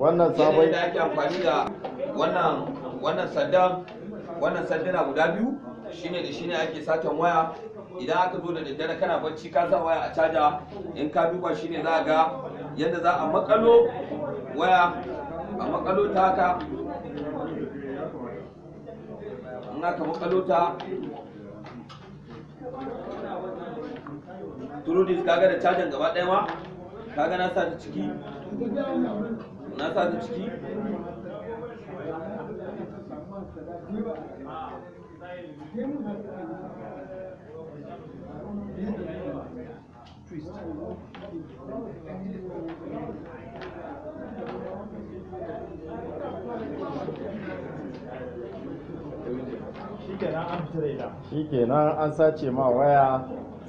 wannan sabai da ake amfani da wannan wannan saddan wannan saddana guda biyu shine da shine ake satan waya idan aka zo da daddare kana bacci ka sa waya a caja in ka duba shine za ga yadda za a makalo waya a makalo ta haka in aka makalo ta turudis kaga da cajin gaba ɗaya ma kaga na sa ta ciki na sa ta ciki shi kenan an sace ma waya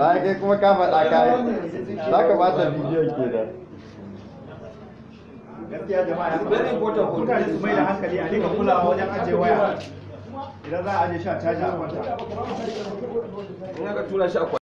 ta kai kuma ka faɗa ka yi za ka ba ta bidiyon ke a shi a